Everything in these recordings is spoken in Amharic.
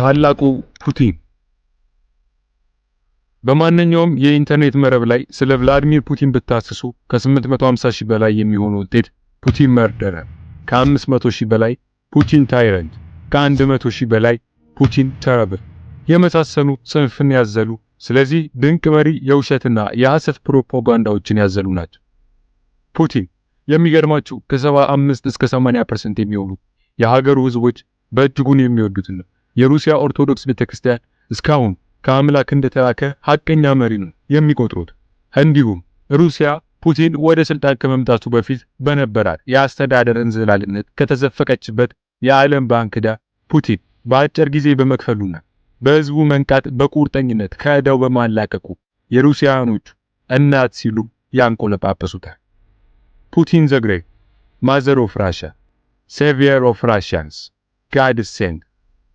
ታላቁ ፑቲን በማንኛውም የኢንተርኔት መረብ ላይ ስለ ቭላዲሚር ፑቲን ብታስሱ ከ850 ሺህ በላይ የሚሆኑ ውጤት ፑቲን መርደረ ከ ከ500 ሺህ በላይ ፑቲን ታይረንት፣ ከ100 ሺህ በላይ ፑቲን ተረብ የመሳሰሉ ጽንፍን ያዘሉ ስለዚህ ድንቅ መሪ የውሸትና የሐሰት ፕሮፓጋንዳዎችን ያዘሉ ናቸው። ፑቲን የሚገርማችሁ ከ75 እስከ 80% የሚሆኑ የሀገሩ ህዝቦች በእጅጉን የሚወዱት ነው። የሩሲያ ኦርቶዶክስ ቤተክርስቲያን እስካሁን ከአምላክ እንደተላከ ሐቀኛ መሪ ነው የሚቆጥሩት። እንዲሁም ሩሲያ ፑቲን ወደ ስልጣን ከመምጣቱ በፊት በነበራት የአስተዳደር እንዝላልነት ከተዘፈቀችበት የዓለም ባንክ ዕዳ ፑቲን በአጭር ጊዜ በመክፈሉና በህዝቡ መንቃት በቁርጠኝነት ከዕዳው በማላቀቁ የሩሲያኖቹ እናት ሲሉ ያንቆለጳጰሱታል። ፑቲን ዘግሬ ማዘር ኦፍ ራሽያ ሴቪየር ኦፍ ራሽያንስ ጋድ ሴንድ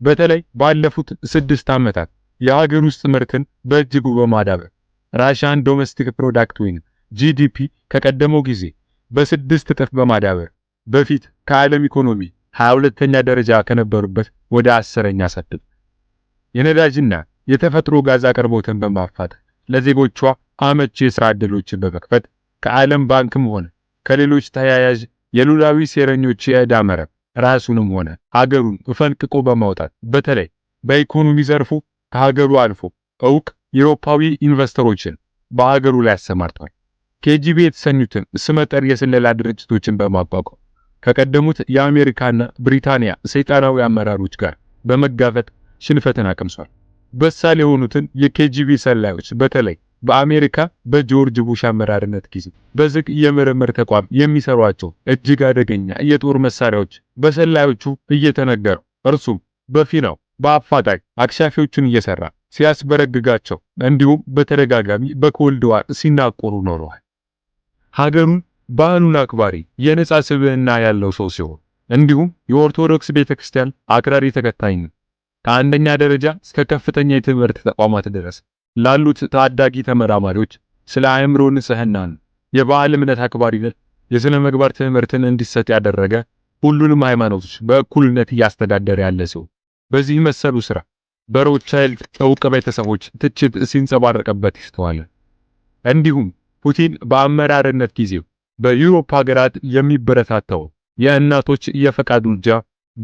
በተለይ ባለፉት ስድስት ዓመታት የሀገር ውስጥ ምርትን በእጅጉ በማዳበር ራሽያን ዶሜስቲክ ፕሮዳክት ወይም ጂዲፒ ከቀደመው ጊዜ በስድስት እጥፍ በማዳበር በፊት ከዓለም ኢኮኖሚ 22ኛ ደረጃ ከነበሩበት ወደ አስረኛ ሰጥቷል። የነዳጅና የተፈጥሮ ጋዝ አቅርቦትን በማፋጠን ለዜጎቿ አመቺ የሥራ ዕድሎችን በመክፈት ከዓለም ባንክም ሆነ ከሌሎች ተያያዥ የሉላዊ ሴረኞች የዕዳ መረብ ራሱንም ሆነ ሀገሩን ፈንቅቆ በማውጣት በተለይ በኢኮኖሚ ዘርፉ ከሀገሩ አልፎ እውቅ ዩሮፓዊ ኢንቨስተሮችን በሀገሩ ላይ አሰማርቷል። ኬጂቢ የተሰኙትን ስመጠር የስለላ ድርጅቶችን በማቋቋም ከቀደሙት የአሜሪካና ብሪታንያ ሰይጣናዊ አመራሮች ጋር በመጋፈጥ ሽንፈትን አቀምሷል። በሳል የሆኑትን የኬጂቢ ሰላዮች በተለይ በአሜሪካ በጆርጅ ቡሽ አመራርነት ጊዜ በዝግ የምርምር ተቋም የሚሰሯቸው እጅግ አደገኛ የጦር መሳሪያዎች በሰላዮቹ እየተነገሩ እርሱም በፊናው በአፋጣኝ አክሻፊዎቹን እየሰራ ሲያስበረግጋቸው እንዲሁም በተደጋጋሚ በኮልድ ዋር ሲናቆሩ ኖረዋል። ሀገሩን ባህሉን አክባሪ የነጻ ስብዕና ያለው ሰው ሲሆን እንዲሁም የኦርቶዶክስ ቤተክርስቲያን አክራሪ ተከታይ ነው። ከአንደኛ ደረጃ እስከ ከፍተኛ የትምህርት ተቋማት ድረስ ላሉት ታዳጊ ተመራማሪዎች ስለ አእምሮ ንጽህናን፣ የባህል እምነት አክባሪነት፣ የሥነ ምግባር ትምህርትን እንዲሰጥ ያደረገ ሁሉንም ሃይማኖቶች በእኩልነት እያስተዳደረ ያለ ሲሆን በዚህ መሰሉ ስራ በሮቻይልድ እውቅ ቤተሰቦች ትችት ሲንጸባረቅበት ይስተዋላል። እንዲሁም ፑቲን በአመራርነት ጊዜው በዩሮፕ ሀገራት የሚበረታታው የእናቶች የፈቃድ ውርጃ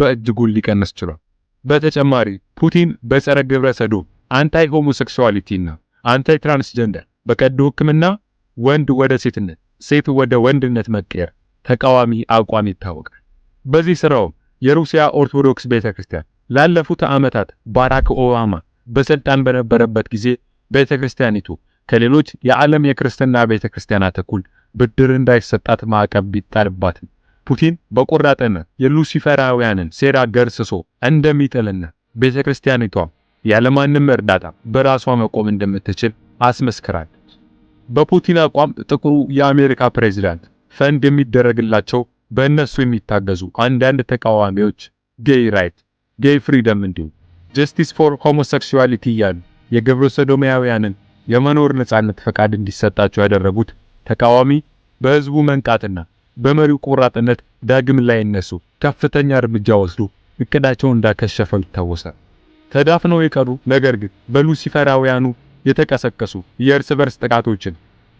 በእጅጉን ሊቀንስ ችሏል። በተጨማሪ ፑቲን በጸረ ግብረ ሰዶም፣ አንታይ እና አንታይ ትራንስጀንደር፣ በቀዶ ሕክምና ወንድ ወደ ሴትነት፣ ሴት ወደ ወንድነት መቀየር ተቃዋሚ አቋም ይታወቃል። በዚህ ስራውም የሩሲያ ኦርቶዶክስ ቤተክርስቲያን ላለፉት ዓመታት ባራክ ኦባማ በስልጣን በነበረበት ጊዜ ቤተክርስቲያኒቱ ከሌሎች የዓለም የክርስትና ቤተክርስቲያናት እኩል ብድር እንዳይሰጣት ማዕቀብ ቢጣልባት ፑቲን በቆራጠነ የሉሲፈራውያንን ሴራ ገርስሶ እንደሚጥልና ቤተ ክርስቲያኒቷ ያለማንም እርዳታ በራሷ መቆም እንደምትችል አስመስክራለች። በፑቲን አቋም ጥቁሩ የአሜሪካ ፕሬዝዳንት ፈንድ የሚደረግላቸው በእነሱ የሚታገዙ አንዳንድ ተቃዋሚዎች ጌይ ራይት፣ ጌይ ፍሪደም እንዲሁም ጀስቲስ ፎር ሆሞሴክሱዋሊቲ እያሉ የግብረ ሰዶማውያንን የመኖር ነጻነት ፈቃድ እንዲሰጣቸው ያደረጉት ተቃዋሚ በህዝቡ መንቃትና በመሪው ቆራጥነት ዳግም ላይነሱ ከፍተኛ እርምጃ ወስዶ እቅዳቸውን እንዳከሸፈው ይታወሳል። ተዳፍነው የቀሩ ነገር ግን በሉሲፈራውያኑ የተቀሰቀሱ የእርስ በርስ ጥቃቶችን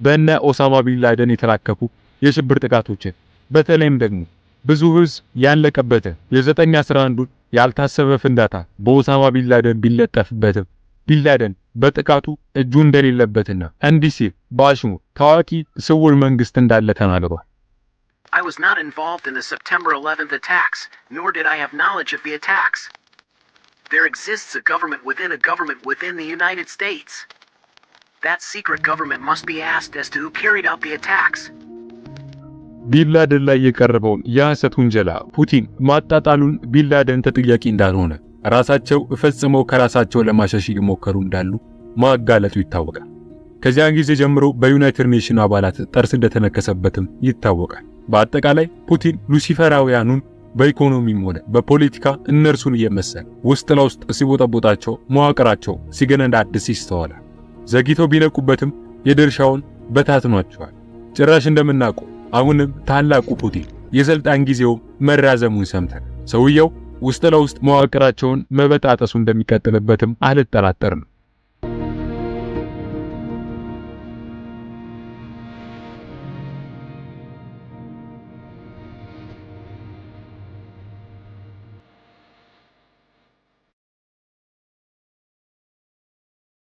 በእነ ኦሳማ ቢን ላደን የተላከፉ የሽብር ጥቃቶችን በተለይም ደግሞ ብዙ ህዝብ ያለቀበትን የዘጠኝ አስራ አንዱን ያልታሰበ ፍንዳታ በኦሳማ ቢን ላደን ቢለጠፍበትም ቢን ላደን በጥቃቱ እጁ እንደሌለበትና እንዲህ ሲል በአሽሙር ታዋቂ ስውር መንግስት እንዳለ ተናግሯል። I was not involved in the September 11th attacks, nor did I have knowledge of the attacks. There exists a government within a government within the United States. That secret government must be asked as to who carried out the attacks. ቢንላደን ላይ የቀረበውን የሐሰት ውንጀላ ፑቲን ማጣጣሉን ቢንላደን ተጠያቂ እንዳልሆነ ራሳቸው ፈጽመው ከራሳቸው ለማሸሽ እየሞከሩ እንዳሉ ማጋለጡ ይታወቃል። ከዚያን ጊዜ ጀምሮ በዩናይትድ ኔሽን አባላት ጥርስ እንደተነከሰበትም ይታወቃል። በአጠቃላይ ፑቲን ሉሲፈራውያኑን በኢኮኖሚም ሆነ በፖለቲካ እነርሱን እየመሰለ ውስጥ ለውስጥ ሲቦጠቦጣቸው መዋቅራቸው ሲገነዳድስ ይስተዋላል። ዘግይተው ቢነቁበትም የድርሻውን በታትኗቸዋል። ጭራሽ እንደምናውቀው አሁንም ታላቁ ፑቲን የሰልጣን ጊዜው መራዘሙን ሰምተን ሰውየው ውስጥ ለውስጥ መዋቅራቸውን መበጣጠሱ እንደሚቀጥልበትም አልጠራጠርም።